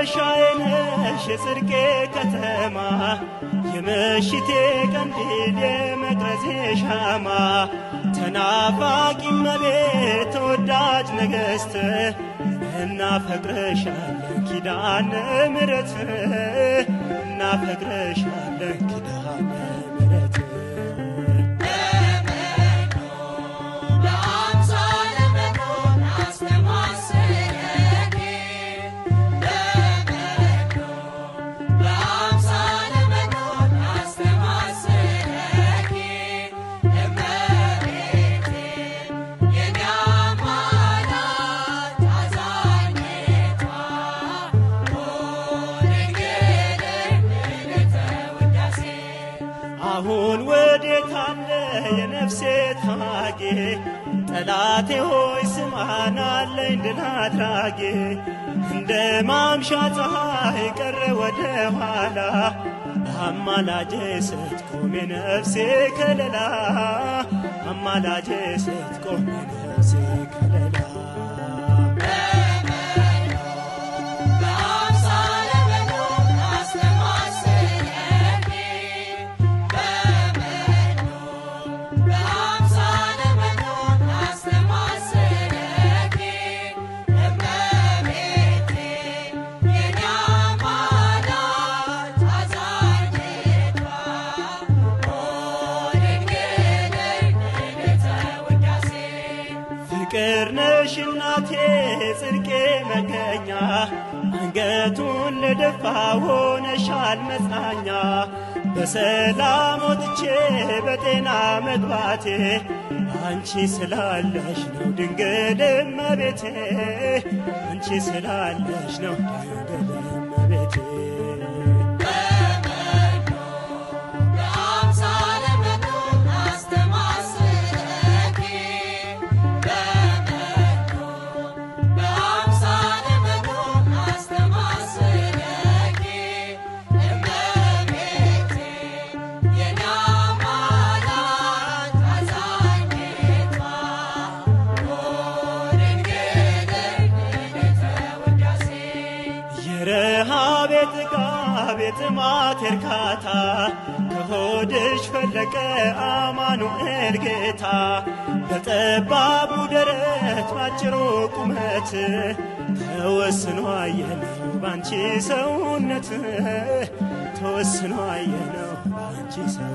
መድረሻዬ ነሽ የጽድቄ ከተማ የምሽቴ ቀንዲል የመቅረዜ ሻማ ተናፋቂ ተወዳጅ ንግሥት እናፈቅርሻለን ኪዳነ ምሕረት እናፈቅርሻለን ኪዳነ አሁን ወዴት አለ የነፍሴ ታጌ? ጠላቴ ሆይ ስማን አለኝ ድል አድራጌ። እንደ ማምሻ ፀሐይ ቀረ ወደ ኋላ አማላጄ ስትቆም የነፍሴ ከለላ አማላጄ ስትቆም የነፍሴ ከለላ ፍቅር ነሽ እናቴ ጽድቄ መገኛ አንገቱን ለደፋ ሆነሻል መጽናኛ። በሰላም ወጥቼ በጤና መግባቴ አንቺ ስላለሽ ነው ድንግል እመቤቴ አንቺ ስላለሽ ነው ድንግል እመቤቴ አቤት ማት እርካታ ከሆድሽ ፈለቀ አማኑኤል ጌታ በጠባቡ ደረት ባጭሩ ቁመት ተወስኖ አየነው ባንቺ ሰውነት ተወስኖ አየነው ባንቺ ሰ